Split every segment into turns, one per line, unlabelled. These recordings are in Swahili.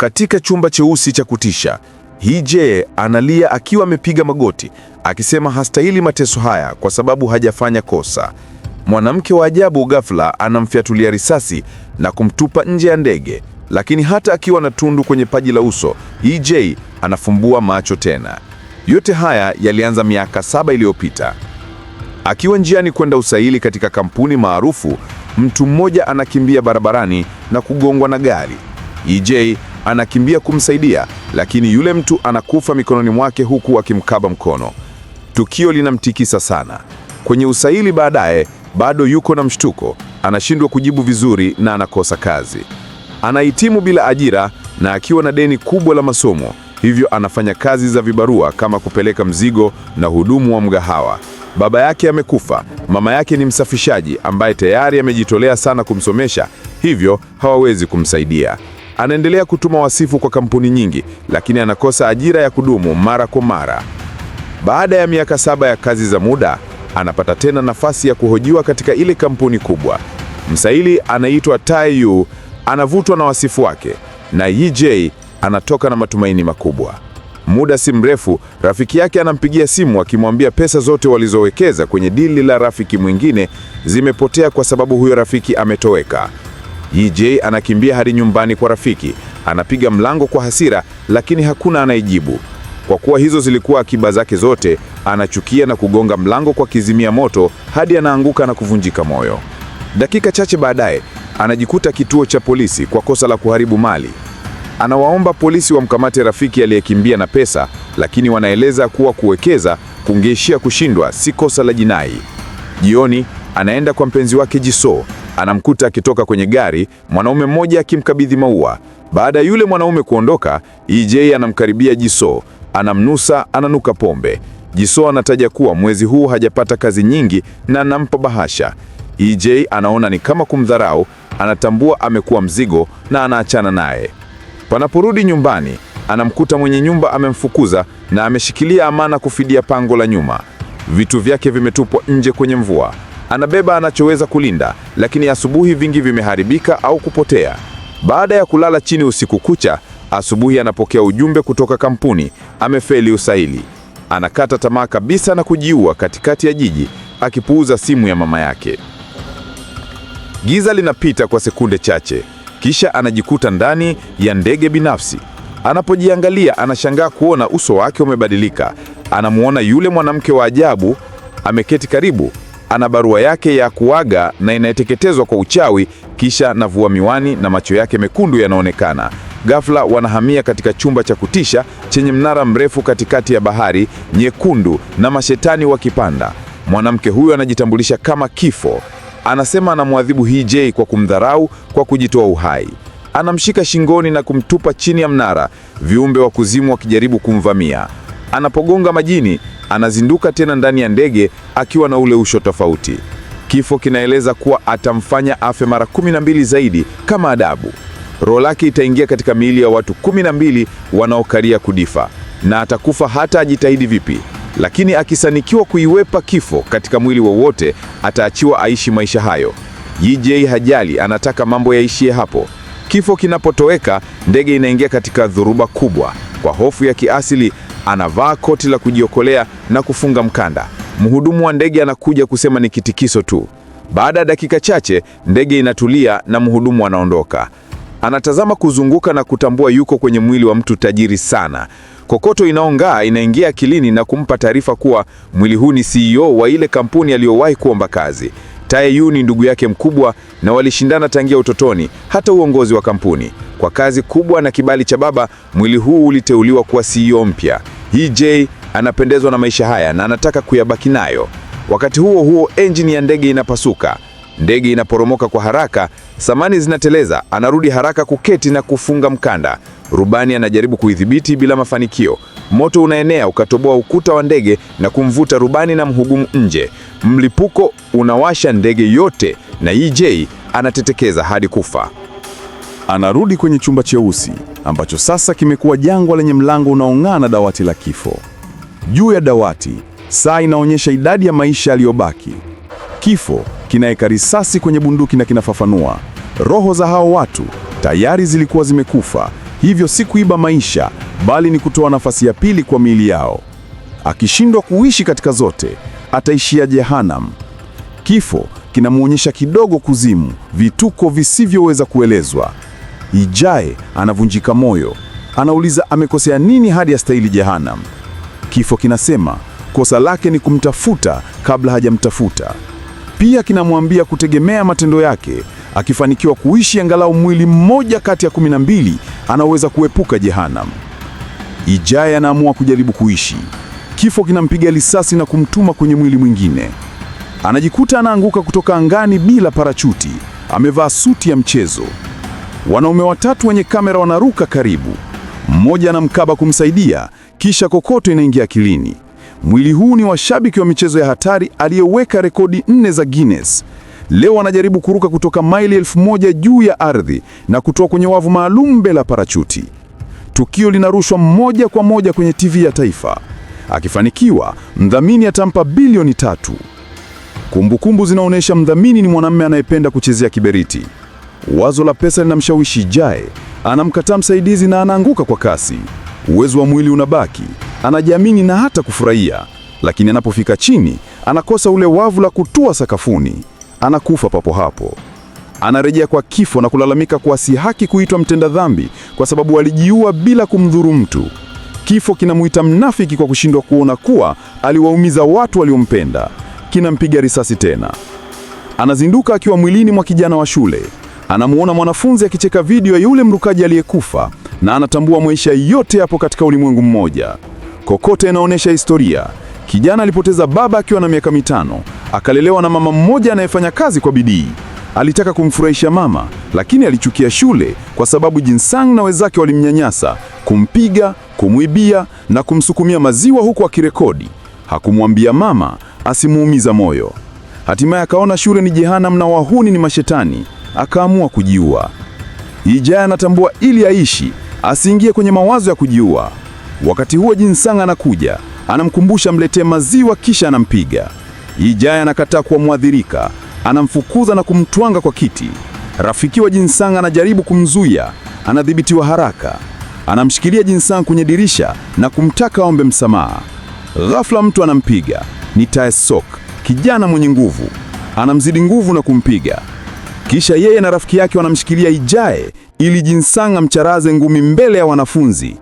katika chumba cheusi cha kutisha. Hije analia akiwa amepiga magoti, akisema hastahili mateso haya kwa sababu hajafanya kosa. Mwanamke wa ajabu ghafla anamfyatulia risasi na kumtupa nje ya ndege, lakini hata akiwa na tundu kwenye paji la uso, EJ anafumbua macho tena. Yote haya yalianza miaka saba iliyopita. Akiwa njiani kwenda usaili katika kampuni maarufu, mtu mmoja anakimbia barabarani na kugongwa na gari. EJ anakimbia kumsaidia, lakini yule mtu anakufa mikononi mwake huku akimkaba mkono. Tukio linamtikisa sana. Kwenye usaili baadaye, bado yuko na mshtuko, anashindwa kujibu vizuri na anakosa kazi. Anahitimu bila ajira na akiwa na deni kubwa la masomo, hivyo anafanya kazi za vibarua kama kupeleka mzigo na hudumu wa mgahawa. Baba yake amekufa, mama yake ni msafishaji ambaye tayari amejitolea sana kumsomesha, hivyo hawawezi kumsaidia. Anaendelea kutuma wasifu kwa kampuni nyingi, lakini anakosa ajira ya kudumu mara kwa mara. Baada ya miaka saba ya kazi za muda, anapata tena nafasi ya kuhojiwa katika ile kampuni kubwa. Msaili anaitwa Yu anavutwa na wasifu wake, na EJ anatoka na matumaini makubwa. Muda si mrefu, rafiki yake anampigia simu akimwambia pesa zote walizowekeza kwenye dili la rafiki mwingine zimepotea kwa sababu huyo rafiki ametoweka. EJ anakimbia hadi nyumbani kwa rafiki, anapiga mlango kwa hasira, lakini hakuna anayejibu. Kwa kuwa hizo zilikuwa akiba zake zote, anachukia na kugonga mlango kwa kizimia moto hadi anaanguka na kuvunjika moyo. Dakika chache baadaye anajikuta kituo cha polisi kwa kosa la kuharibu mali. Anawaomba polisi wamkamate rafiki aliyekimbia na pesa, lakini wanaeleza kuwa kuwekeza kungeishia kushindwa, si kosa la jinai. Jioni Anaenda kwa mpenzi wake Jisoo, anamkuta akitoka kwenye gari, mwanaume mmoja akimkabidhi maua. Baada ya yule mwanaume kuondoka, EJ anamkaribia jiso anamnusa, ananuka pombe. jiso anataja kuwa mwezi huu hajapata kazi nyingi na anampa bahasha. EJ anaona ni kama kumdharau, anatambua amekuwa mzigo na anaachana naye. Panaporudi nyumbani, anamkuta mwenye nyumba amemfukuza na ameshikilia amana kufidia pango la nyuma. Vitu vyake vimetupwa nje kwenye mvua. Anabeba anachoweza kulinda, lakini asubuhi vingi vimeharibika au kupotea. Baada ya kulala chini usiku kucha, asubuhi anapokea ujumbe kutoka kampuni, amefeli usaili. Anakata tamaa kabisa na kujiua katikati ya jiji, akipuuza simu ya mama yake. Giza linapita kwa sekunde chache, kisha anajikuta ndani ya ndege binafsi. Anapojiangalia anashangaa kuona uso wake umebadilika. Anamuona yule mwanamke wa ajabu ameketi karibu ana barua yake ya kuaga na inayeteketezwa kwa uchawi, kisha navua miwani na macho yake mekundu yanaonekana. Ghafla wanahamia katika chumba cha kutisha chenye mnara mrefu katikati ya bahari nyekundu na mashetani wakipanda. Mwanamke huyo anajitambulisha kama Kifo. Anasema anamwadhibu HJ kwa kumdharau kwa kujitoa uhai. Anamshika shingoni na kumtupa chini ya mnara, viumbe wa kuzimu wakijaribu kumvamia. Anapogonga majini, anazinduka tena ndani ya ndege akiwa na ule usho tofauti. Kifo kinaeleza kuwa atamfanya afe mara kumi na mbili zaidi kama adabu. Roho lake itaingia katika miili ya watu kumi na mbili wanaokaria kudifa, na atakufa hata ajitahidi vipi. Lakini akisanikiwa kuiwepa kifo katika mwili wowote, ataachiwa aishi maisha hayo. JJ e hajali, anataka mambo yaishie hapo. Kifo kinapotoweka, ndege inaingia katika dhuruba kubwa. Kwa hofu ya kiasili Anavaa koti la kujiokolea na kufunga mkanda. Mhudumu wa ndege anakuja kusema ni kitikiso tu. Baada ya dakika chache, ndege inatulia na mhudumu anaondoka. Anatazama kuzunguka na kutambua yuko kwenye mwili wa mtu tajiri sana. Kokoto inaong'aa inaingia akilini na kumpa taarifa kuwa mwili huu ni CEO wa ile kampuni aliyowahi kuomba kazi. Tae Yu ni ndugu yake mkubwa na walishindana tangia utotoni, hata uongozi wa kampuni. Kwa kazi kubwa na kibali cha baba, mwili huu uliteuliwa kuwa CEO mpya. EJ anapendezwa na maisha haya na anataka kuyabaki nayo. Wakati huo huo, engine ya ndege inapasuka. Ndege inaporomoka kwa haraka, samani zinateleza. Anarudi haraka kuketi na kufunga mkanda. Rubani anajaribu kuidhibiti bila mafanikio. Moto unaenea ukatoboa ukuta wa ndege na kumvuta rubani na mhugumu nje. Mlipuko unawasha ndege yote na EJ anatetekeza hadi kufa. Anarudi kwenye chumba cheusi ambacho sasa kimekuwa jangwa lenye mlango unaong'aa na dawati la kifo. Juu ya dawati saa inaonyesha idadi ya maisha yaliyobaki. Kifo kinaeka risasi kwenye bunduki na kinafafanua, roho za hao watu tayari zilikuwa zimekufa, hivyo si kuiba maisha, bali ni kutoa nafasi ya pili kwa miili yao. Akishindwa kuishi katika zote, ataishia Jehanamu. Kifo kinamwonyesha kidogo kuzimu, vituko visivyoweza kuelezwa. Ijae anavunjika moyo, anauliza amekosea nini hadi astahili jehanamu. Kifo kinasema kosa lake ni kumtafuta kabla hajamtafuta. Pia kinamwambia kutegemea matendo yake, akifanikiwa kuishi angalau mwili mmoja kati ya kumi na mbili anaweza kuepuka jehanamu. Ijae anaamua kujaribu kuishi. Kifo kinampiga risasi na kumtuma kwenye mwili mwingine. Anajikuta anaanguka kutoka angani bila parachuti, amevaa suti ya mchezo. Wanaume watatu wenye kamera wanaruka karibu, mmoja anamkaba kumsaidia, kisha kokoto inaingia akilini. Mwili huu ni washabiki wa michezo ya hatari aliyeweka rekodi nne za Guinness. Leo wanajaribu kuruka kutoka maili elfu moja juu ya ardhi na kutoa kwenye wavu maalum bila parachuti. Tukio linarushwa moja kwa moja kwenye TV ya taifa. Akifanikiwa, mdhamini atampa bilioni tatu. Kumbukumbu zinaonyesha mdhamini ni mwanamume anayependa kuchezea kiberiti. Wazo la pesa linamshawishi Jae, anamkataa msaidizi na anaanguka kwa kasi. Uwezo wa mwili unabaki, anajiamini na hata kufurahia, lakini anapofika chini anakosa ule wavu la kutua sakafuni. Anakufa papo hapo. Anarejea kwa kifo na kulalamika kuwa si haki kuitwa mtenda dhambi kwa sababu alijiua bila kumdhuru mtu. Kifo kinamuita mnafiki kwa kushindwa kuona kuwa aliwaumiza watu waliompenda. Kinampiga risasi tena. Anazinduka akiwa mwilini mwa kijana wa shule. Anamuona mwanafunzi akicheka video ya yule mrukaji aliyekufa, na anatambua maisha yote yapo katika ulimwengu mmoja. Kokote inaonyesha historia. Kijana alipoteza baba akiwa na miaka mitano, akalelewa na mama mmoja anayefanya kazi kwa bidii. Alitaka kumfurahisha mama, lakini alichukia shule kwa sababu Jinsang na wenzake walimnyanyasa, kumpiga, kumwibia na kumsukumia maziwa huku akirekodi. Hakumwambia mama asimuumiza moyo. Hatimaye akaona shule ni jehanamu na wahuni ni mashetani akaamua kujiua. Ijaya anatambua ili aishi asiingie kwenye mawazo ya kujiua. Wakati huo Jinsang anakuja, anamkumbusha mletee maziwa, kisha anampiga Ijaya. Anakataa kuwa mwathirika, anamfukuza na kumtwanga kwa kiti. Rafiki wa Jinsang anajaribu kumzuia, anadhibitiwa haraka. Anamshikilia Jinsang kwenye dirisha na kumtaka aombe msamaha. Ghafla mtu anampiga, ni Taesok, kijana mwenye nguvu, anamzidi nguvu na kumpiga. Kisha yeye na rafiki yake wanamshikilia Ijae ili Jinsang mcharaze ngumi mbele ya wanafunzi.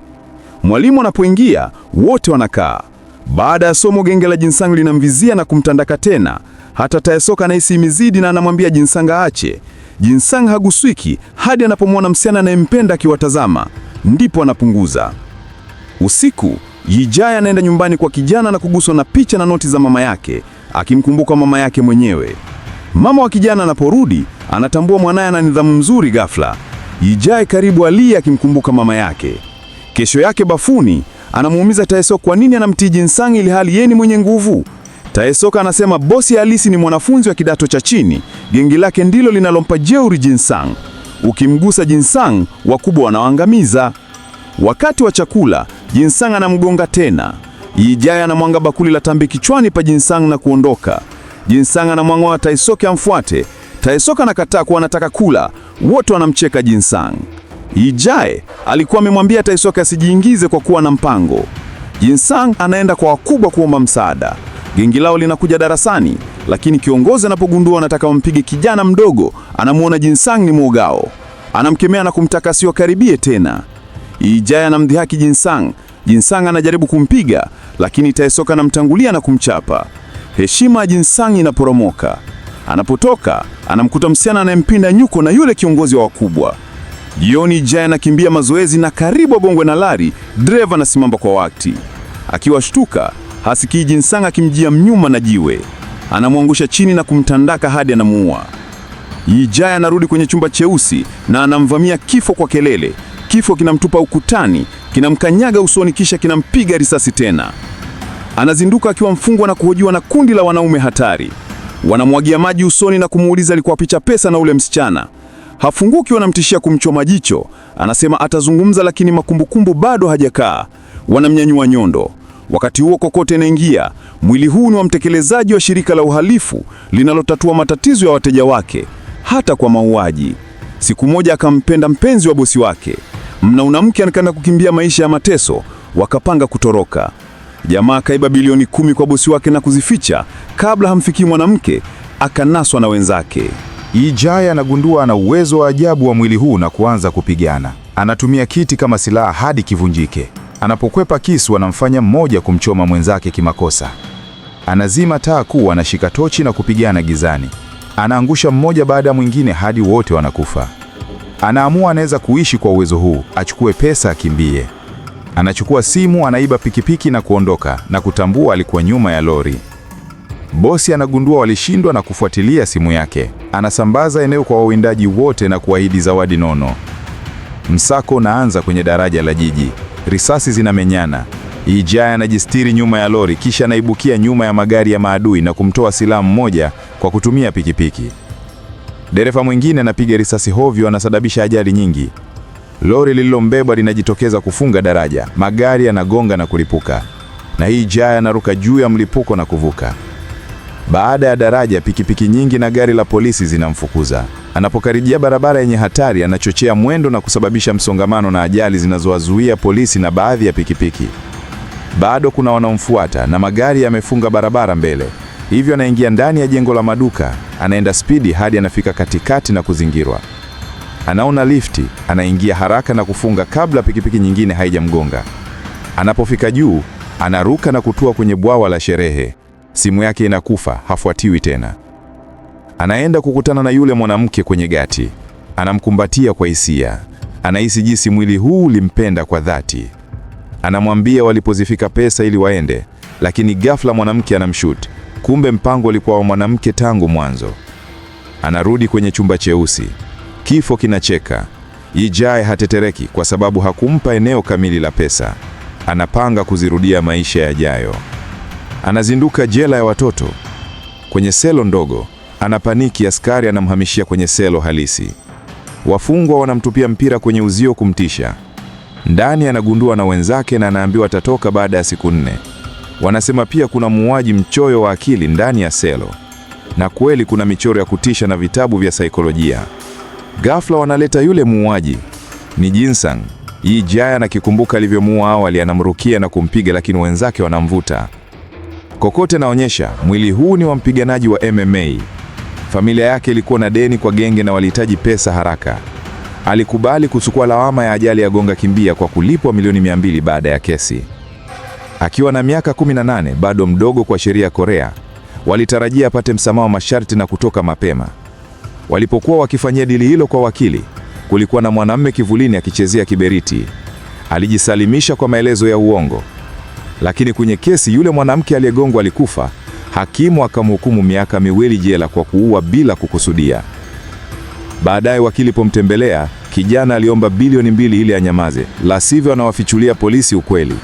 Mwalimu anapoingia wote wanakaa. Baada ya somo, genge la Jinsang linamvizia na kumtandaka tena. Hata Taesoka anahisi imezidi na anamwambia Jinsang aache. Jinsang haguswiki hadi anapomwona msichana anayempenda akiwatazama, ndipo anapunguza. Usiku, Yijae anaenda nyumbani kwa kijana na kuguswa na picha na noti za mama yake, akimkumbuka mama yake mwenyewe. Mama wa kijana anaporudi anatambua mwanaye ana nidhamu mzuri ghafla. Ijae karibu alia akimkumbuka mama yake. Kesho yake bafuni anamuumiza Taesoka kwa nini anamtii Jinsang ili hali yeye ni mwenye nguvu. Taesoka anasema bosi halisi ni mwanafunzi wa kidato cha chini, gengi lake ndilo linalompa jeuri Jinsang. Ukimgusa Jinsang wakubwa wanawaangamiza. Wakati wa chakula Jinsang anamgonga tena. Ijai anamwanga bakuli la tambi kichwani pa Jinsang na kuondoka. Jinsang anamwang'oa Taisoke amfuate. Taisoke anakataa kuwa anataka kula, wote wanamcheka Jinsang. Ijae alikuwa amemwambia Taisoke asijiingize kwa kuwa na mpango. Jinsang anaenda kwa wakubwa kuomba msaada. Gengi lao linakuja darasani, lakini kiongozi anapogundua anataka wampige kijana mdogo, anamwona Jinsang ni mwogao, anamkemea na kumtaka asiwakaribie tena. Ijae anamdhihaki Jinsang. Jinsang anajaribu kumpiga, lakini Taisoke anamtangulia na kumchapa. Heshima ya Jinsang inaporomoka. Anapotoka anamkuta msichana anayempinda nyuko na yule kiongozi wa wakubwa. Jioni, Jay anakimbia mazoezi na karibu agongwe na lari. Dereva anasimama kwa wakati. Akiwashtuka hasikii Jinsang akimjia mnyuma na jiwe, anamwangusha chini na kumtandaka hadi anamuua. Yijaya anarudi kwenye chumba cheusi na anamvamia kifo kwa kelele. Kifo kinamtupa ukutani, kinamkanyaga usoni, kisha kinampiga risasi tena. Anazinduka akiwa mfungwa na kuhojiwa na kundi la wanaume hatari. Wanamwagia maji usoni na kumuuliza alikuwa picha pesa na ule msichana. Hafunguki, wanamtishia kumchoma jicho. Anasema atazungumza, lakini makumbukumbu bado hajakaa. Wanamnyanyua nyondo Wakati huo kokote inaingia. Mwili huu ni wa mtekelezaji wa shirika la uhalifu linalotatua matatizo ya wateja wake, hata kwa mauaji. Siku moja akampenda mpenzi wa bosi wake, Mnaunamke mke kukimbia maisha ya mateso, wakapanga kutoroka. Jamaa kaiba bilioni kumi kwa bosi wake na kuzificha kabla hamfikii mwanamke, akanaswa na wenzake. Ijaya anagundua ana uwezo wa ajabu wa mwili huu na kuanza kupigana. Anatumia kiti kama silaha hadi kivunjike. Anapokwepa kisu, anamfanya mmoja kumchoma mwenzake kimakosa. Anazima taa kuu, anashika tochi na kupigana gizani. Anaangusha mmoja baada ya mwingine hadi wote wanakufa. Anaamua anaweza kuishi kwa uwezo huu, achukue pesa, akimbie. Anachukua simu, anaiba pikipiki na kuondoka na kutambua alikuwa nyuma ya lori. Bosi anagundua walishindwa na kufuatilia simu yake. Anasambaza eneo kwa wawindaji wote na kuahidi zawadi nono. Msako unaanza kwenye daraja la jiji, risasi zinamenyana. Ijaya anajistiri nyuma ya lori, kisha anaibukia nyuma ya magari ya maadui na kumtoa silaha mmoja kwa kutumia pikipiki. Dereva mwingine anapiga risasi hovyo, anasababisha ajali nyingi. Lori lililombeba linajitokeza kufunga daraja, magari yanagonga na kulipuka, na hii jaya anaruka juu ya mlipuko na kuvuka. Baada ya daraja, pikipiki nyingi na gari la polisi zinamfukuza. Anapokaribia barabara yenye hatari, anachochea mwendo na kusababisha msongamano na ajali zinazowazuia polisi na baadhi ya pikipiki. Bado kuna wanaomfuata na magari yamefunga barabara mbele, hivyo anaingia ndani ya jengo la maduka, anaenda spidi hadi anafika katikati na kuzingirwa. Anaona lifti, anaingia haraka na kufunga kabla pikipiki nyingine haijamgonga. Anapofika juu, anaruka na kutua kwenye bwawa la sherehe. Simu yake inakufa, hafuatiwi tena. Anaenda kukutana na yule mwanamke kwenye gati, anamkumbatia kwa hisia, anahisi jinsi mwili huu ulimpenda kwa dhati. Anamwambia walipozifika pesa ili waende, lakini ghafla mwanamke anamshut, Kumbe mpango ulikuwa wa mwanamke tangu mwanzo. Anarudi kwenye chumba cheusi. Kifo kinacheka. Yijae hatetereki kwa sababu hakumpa eneo kamili la pesa. Anapanga kuzirudia maisha yajayo. Anazinduka jela ya watoto kwenye selo ndogo. Anapaniki, askari anamhamishia kwenye selo halisi. Wafungwa wanamtupia mpira kwenye uzio kumtisha. Ndani anagundua na wenzake na anaambiwa atatoka baada ya siku nne. Wanasema pia kuna muuaji mchoyo wa akili ndani ya selo, na kweli kuna michoro ya kutisha na vitabu vya saikolojia. Ghafla wanaleta yule muuaji, ni Jinsang. Yi Jae anakikumbuka alivyomuua awali, anamrukia na kumpiga, lakini wenzake wanamvuta. Kokote naonyesha mwili huu ni wa mpiganaji wa MMA. Familia yake ilikuwa na deni kwa genge na walihitaji pesa haraka. Alikubali kuchukua lawama ya ajali ya Gonga Kimbia kwa kulipwa milioni mia mbili baada ya kesi. Akiwa na miaka 18, bado mdogo kwa sheria ya Korea, walitarajia apate msamaha wa masharti na kutoka mapema, Walipokuwa wakifanyia dili hilo kwa wakili, kulikuwa na mwanamume kivulini akichezea kiberiti. Alijisalimisha kwa maelezo ya uongo, lakini kwenye kesi yule mwanamke aliyegongwa alikufa. Hakimu akamhukumu miaka miwili jela kwa kuua bila kukusudia. Baadaye wakili pomtembelea kijana aliomba bilioni mbili ili anyamaze, la sivyo anawafichulia polisi ukweli.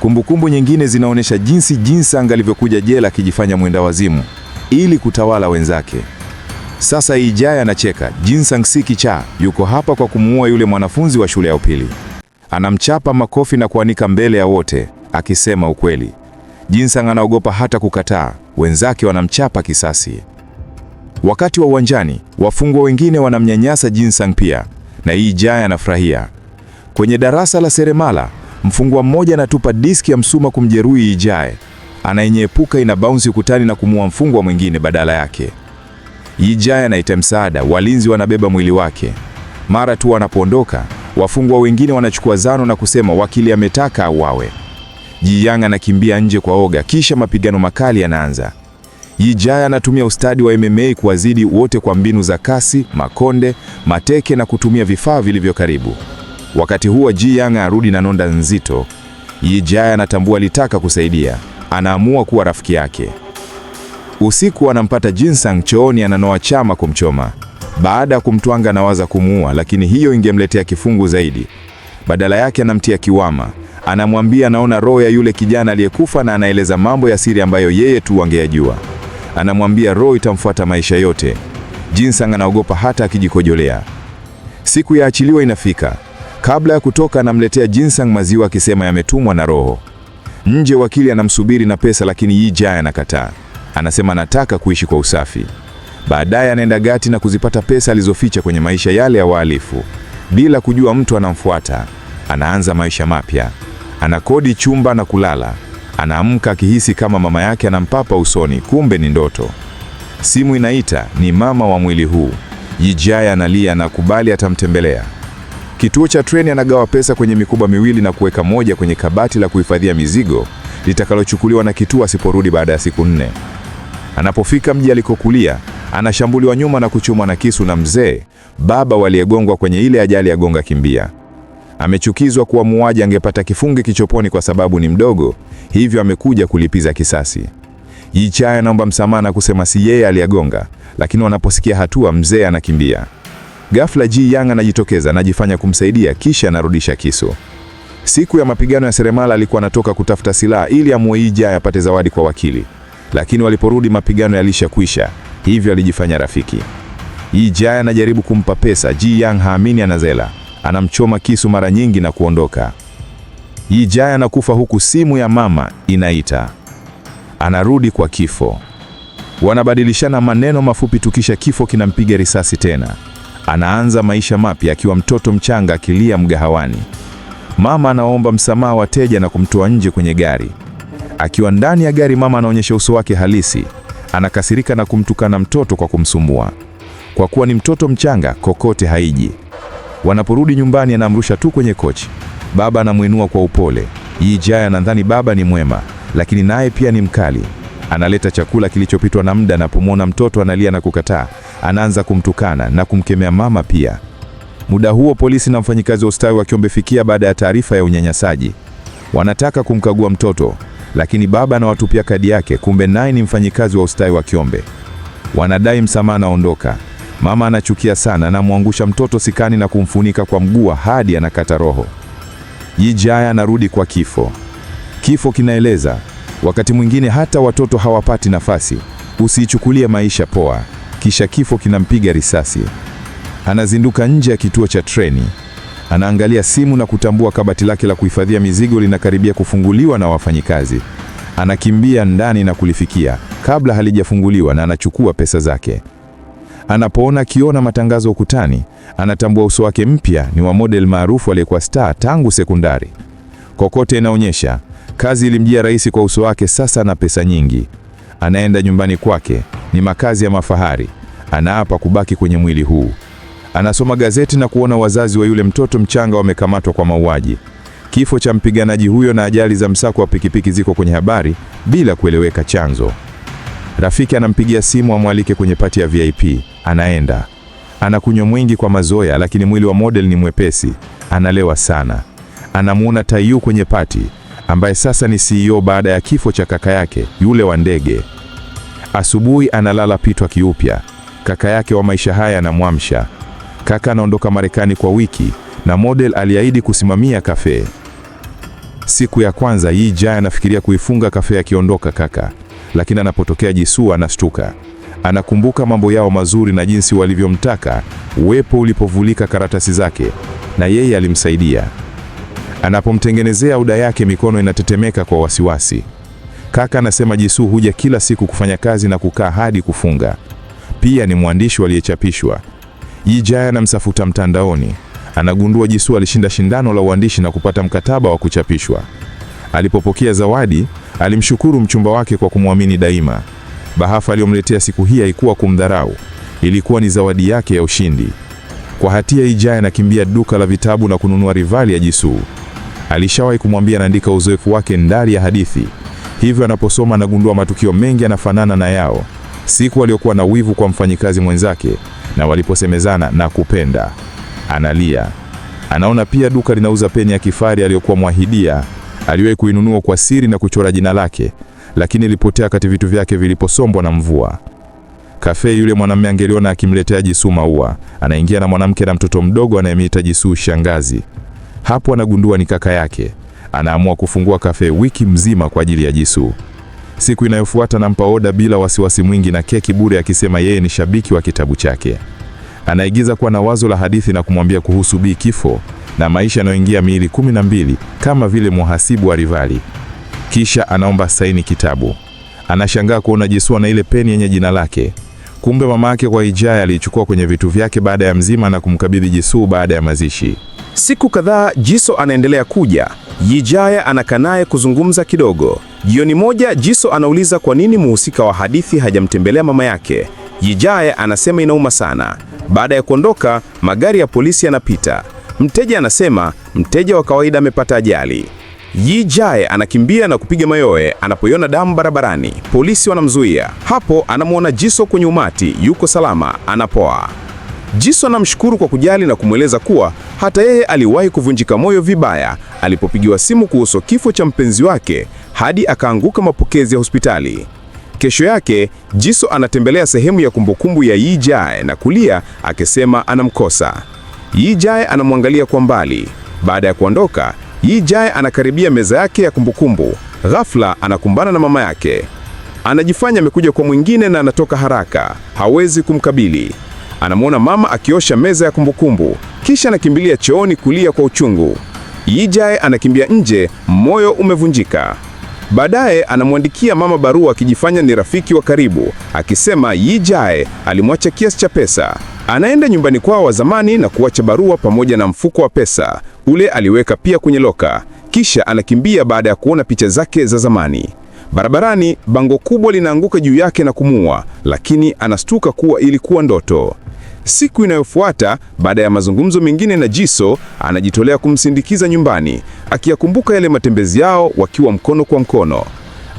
Kumbukumbu nyingine zinaonyesha jinsi jinsi angalivyokuja jela akijifanya mwenda wazimu ili kutawala wenzake. Sasa Ijai anacheka Sang-si kicha yuko hapa kwa kumuua yule mwanafunzi wa shule ya upili. Anamchapa makofi na kuanika mbele ya wote akisema ukweli. Jinsang anaogopa hata kukataa, wenzake wanamchapa kisasi. Wakati wa uwanjani, wafungwa wengine wanamnyanyasa Jinsang pia na Ijai anafurahia. Kwenye darasa la seremala, mfungwa mmoja anatupa diski ya msuma kumjeruhi Ijai, anayenyeepuka ina bounce ukutani na kumuua mfungwa mwingine badala yake. Yijaya anaita msaada, walinzi wanabeba mwili wake. Mara tu wanapoondoka, wafungwa wengine wanachukua zano na kusema wakili ametaka auawe. Jiyang anakimbia nje kwa oga, kisha mapigano makali yanaanza. Yijaya anatumia ustadi wa MMA kuwazidi wote kwa mbinu za kasi, makonde, mateke na kutumia vifaa vilivyo karibu. Wakati huo Jiyang arudi na nonda nzito. Yijaya anatambua alitaka kusaidia, anaamua kuwa rafiki yake. Usiku anampata Jinsang chooni, ananoa chama kumchoma. Baada ya kumtwanga anawaza kumuua, lakini hiyo ingemletea kifungu zaidi. Badala yake anamtia kiwama, anamwambia anaona roho ya yule kijana aliyekufa na anaeleza mambo ya siri ambayo yeye tu angeyajua. Anamwambia roho itamfuata maisha yote. Jinsang anaogopa hata akijikojolea. Siku ya achiliwa inafika. Kabla ya kutoka, anamletea Jinsang maziwa akisema yametumwa na roho. Nje wakili anamsubiri na pesa, lakini Yi Jae anakataa. Anasema anataka kuishi kwa usafi. Baadaye anaenda Gati na kuzipata pesa alizoficha kwenye maisha yale ya wahalifu. Bila kujua mtu anamfuata, anaanza maisha mapya. Anakodi chumba na kulala. Anaamka akihisi kama mama yake anampapa usoni, kumbe ni ndoto. Simu inaita, ni mama wa mwili huu. yijaya analia na kubali atamtembelea. Kituo cha treni anagawa pesa kwenye mikoba miwili na kuweka moja kwenye kabati la kuhifadhia mizigo litakalochukuliwa na kituo asiporudi baada ya siku nne. Anapofika mji alikokulia, anashambuliwa nyuma na kuchumwa na kisu na mzee, baba waliyegongwa kwenye ile ajali ya Gonga Kimbia. Amechukizwa kuwa muuaji angepata kifungi kichoponi kwa sababu ni mdogo, hivyo amekuja kulipiza kisasi. Yichaya anaomba msamaha na kusema si yeye aliyagonga, lakini wanaposikia hatua, mzee anakimbia. Ghafla Ji Yang anajitokeza, anajifanya kumsaidia, kisha anarudisha kisu. Siku ya mapigano ya seremala alikuwa anatoka kutafuta silaha ili amuue Yichaya apate zawadi kwa wakili lakini waliporudi mapigano yalishakwisha, hivyo alijifanya rafiki. Yi Jae anajaribu kumpa pesa, Ji Yang haamini, anazela, anamchoma kisu mara nyingi na kuondoka. Yi Jae anakufa huku simu ya mama inaita, anarudi kwa kifo. Wanabadilishana maneno mafupi tu, kisha kifo kinampiga risasi tena. Anaanza maisha mapya akiwa mtoto mchanga, akilia mgahawani. Mama anaomba msamaha wateja na kumtoa nje kwenye gari. Akiwa ndani ya gari, mama anaonyesha uso wake halisi. Anakasirika na kumtukana mtoto kwa kumsumbua. Kwa kuwa ni mtoto mchanga, kokote haiji. Wanaporudi nyumbani, anamrusha tu kwenye kochi. Baba anamwinua kwa upole. jaya anadhani baba ni mwema, lakini naye pia ni mkali. Analeta chakula kilichopitwa na muda. Anapomwona mtoto analia na kukataa, anaanza kumtukana na kumkemea mama pia. Muda huo polisi na mfanyikazi wa ustawi wakiombefikia baada ya taarifa ya unyanyasaji, wanataka kumkagua mtoto lakini baba anawatupia kadi yake, kumbe naye ni mfanyikazi wa ustawi wa Kiombe. Wanadai msamaha, anaondoka. Mama anachukia sana, anamwangusha mtoto sikani na kumfunika kwa mguu hadi anakata roho. Yijaya anarudi kwa kifo. Kifo kinaeleza, wakati mwingine hata watoto hawapati nafasi. Usiichukulie maisha poa. Kisha kifo kinampiga risasi. Anazinduka nje ya kituo cha treni. Anaangalia simu na kutambua kabati lake la kuhifadhia mizigo linakaribia kufunguliwa na wafanyikazi. Anakimbia ndani na kulifikia kabla halijafunguliwa na anachukua pesa zake. Anapoona akiona matangazo ukutani, anatambua uso wake mpya ni wa model maarufu aliyekuwa star tangu sekondari. Kokote inaonyesha kazi ilimjia rahisi kwa uso wake sasa na pesa nyingi. Anaenda nyumbani kwake, ni makazi ya mafahari. Anaapa kubaki kwenye mwili huu. Anasoma gazeti na kuona wazazi wa yule mtoto mchanga wamekamatwa kwa mauaji. Kifo cha mpiganaji huyo na ajali za msako wa pikipiki ziko kwenye habari bila kueleweka chanzo. Rafiki anampigia simu amwalike kwenye pati ya VIP, anaenda. Anakunywa mwingi kwa mazoea, lakini mwili wa model ni mwepesi, analewa sana. Anamuona Tayu kwenye pati, ambaye sasa ni CEO baada ya kifo cha kaka yake yule wa ndege. Asubuhi analala pitwa kiupya, kaka yake wa maisha haya anamwamsha. Kaka anaondoka Marekani kwa wiki na model aliahidi kusimamia kafe. Siku ya kwanza Yi Jae anafikiria kuifunga kafe akiondoka kaka, lakini anapotokea Jisoo anashtuka. Anakumbuka mambo yao mazuri na jinsi walivyomtaka, uwepo ulipovulika karatasi zake na yeye alimsaidia. Anapomtengenezea oda yake, mikono inatetemeka kwa wasiwasi. Kaka anasema Jisoo huja kila siku kufanya kazi na kukaa hadi kufunga. Pia ni mwandishi aliyechapishwa Yijaya anamsafuta mtandaoni, anagundua Jisoo alishinda shindano la uandishi na kupata mkataba wa kuchapishwa. Alipopokea zawadi, alimshukuru mchumba wake kwa kumwamini daima. Bahafa aliyomletea siku hii haikuwa kumdharau, ilikuwa ni zawadi yake ya ushindi. Kwa hatia, Yijaya anakimbia duka la vitabu na kununua Rivali ya Jisu. Alishawahi kumwambia anaandika uzoefu wake ndani ya hadithi, hivyo anaposoma anagundua matukio mengi yanafanana na yao, siku aliyokuwa na wivu kwa mfanyikazi mwenzake na waliposemezana na kupenda, analia. Anaona pia duka linauza peni ya kifari aliyokuwa mwahidia. Aliwahi kuinunua kwa siri na kuchora jina lake, lakini ilipotea kati vitu vyake viliposombwa na mvua. Kafe yule mwanamume angeliona akimletea jisu maua, anaingia na mwanamke na mtoto mdogo anayemiita Jisuu shangazi. Hapo anagundua ni kaka yake. Anaamua kufungua kafe wiki mzima kwa ajili ya Jisuu. Siku inayofuata nampa oda bila wasiwasi mwingi na keki bure, akisema yeye ni shabiki wa kitabu chake. Anaigiza kuwa na wazo la hadithi na kumwambia kuhusu Bi kifo na maisha yanayoingia miili kumi na mbili kama vile muhasibu wa Rivali. Kisha anaomba saini kitabu. Anashangaa kuona Jesua na ile peni yenye jina lake. Kumbe mama yake kwa ijaya aliichukua kwenye vitu vyake baada ya mzima na kumkabidhi Jisu baada ya mazishi. Siku kadhaa Jiso anaendelea kuja, Yijaya anakanaye kuzungumza kidogo. Jioni moja Jiso anauliza kwa nini muhusika wa hadithi hajamtembelea mama yake. Yijae anasema inauma sana. Baada ya kuondoka, magari ya polisi yanapita. Mteja anasema mteja wa kawaida amepata ajali. Yijae anakimbia na kupiga mayowe anapoiona damu barabarani. Polisi wanamzuia. Hapo anamwona Jiso kwenye umati, yuko salama, anapoa. Jiso anamshukuru kwa kujali na kumweleza kuwa hata yeye aliwahi kuvunjika moyo vibaya alipopigiwa simu kuhusu kifo cha mpenzi wake hadi akaanguka mapokezi ya hospitali. Kesho yake Jiso anatembelea sehemu ya kumbukumbu ya Yijae na kulia akisema anamkosa. Yijae anamwangalia kwa mbali. Baada ya kuondoka, Yijae anakaribia meza yake ya kumbukumbu. Ghafla anakumbana na mama yake. Anajifanya amekuja kwa mwingine na anatoka haraka, hawezi kumkabili. Anamwona mama akiosha meza ya kumbukumbu, kisha anakimbilia chooni kulia kwa uchungu. Yijae anakimbia nje, moyo umevunjika. Baadaye anamwandikia mama barua akijifanya ni rafiki wa karibu, akisema Yi Jae alimwacha kiasi cha pesa. Anaenda nyumbani kwao wa zamani na kuacha barua pamoja na mfuko wa pesa ule aliweka pia kwenye loka, kisha anakimbia baada ya kuona picha zake za zamani. Barabarani, bango kubwa linaanguka juu yake na kumua lakini anastuka kuwa ilikuwa ndoto. Siku inayofuata baada ya mazungumzo mengine na Jiso, anajitolea kumsindikiza nyumbani, akiyakumbuka yale matembezi yao wakiwa mkono kwa mkono.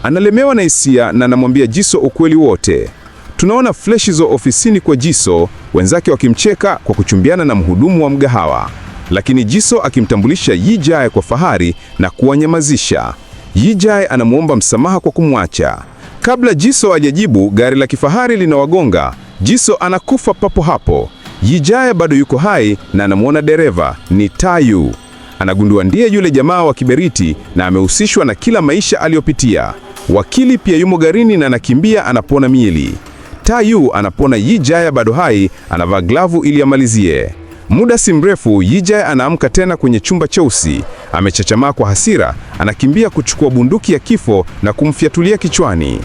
Analemewa na hisia na anamwambia Jiso ukweli wote. Tunaona fleshi za ofisini kwa Jiso, wenzake wakimcheka kwa kuchumbiana na mhudumu wa mgahawa, lakini Jiso akimtambulisha Yijae kwa fahari na kuwanyamazisha. Yijae anamwomba msamaha kwa kumwacha. Kabla Jiso hajajibu, gari la kifahari linawagonga. Jiso anakufa papo hapo. Yijaya bado yuko hai na anamwona dereva ni Tayu. Anagundua ndiye yule jamaa wa kiberiti na amehusishwa na kila maisha aliyopitia. Wakili pia yumo garini na anakimbia anapona miili. Tayu anapona Yijaya bado hai, anavaa glavu ili amalizie. Muda si mrefu Yijaya anaamka tena kwenye chumba cheusi, amechachamaa kwa hasira, anakimbia kuchukua bunduki ya kifo na kumfyatulia kichwani.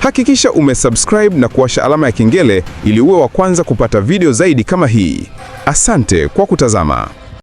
Hakikisha umesubscribe na kuwasha alama ya kengele ili uwe wa kwanza kupata video zaidi kama hii. Asante kwa kutazama.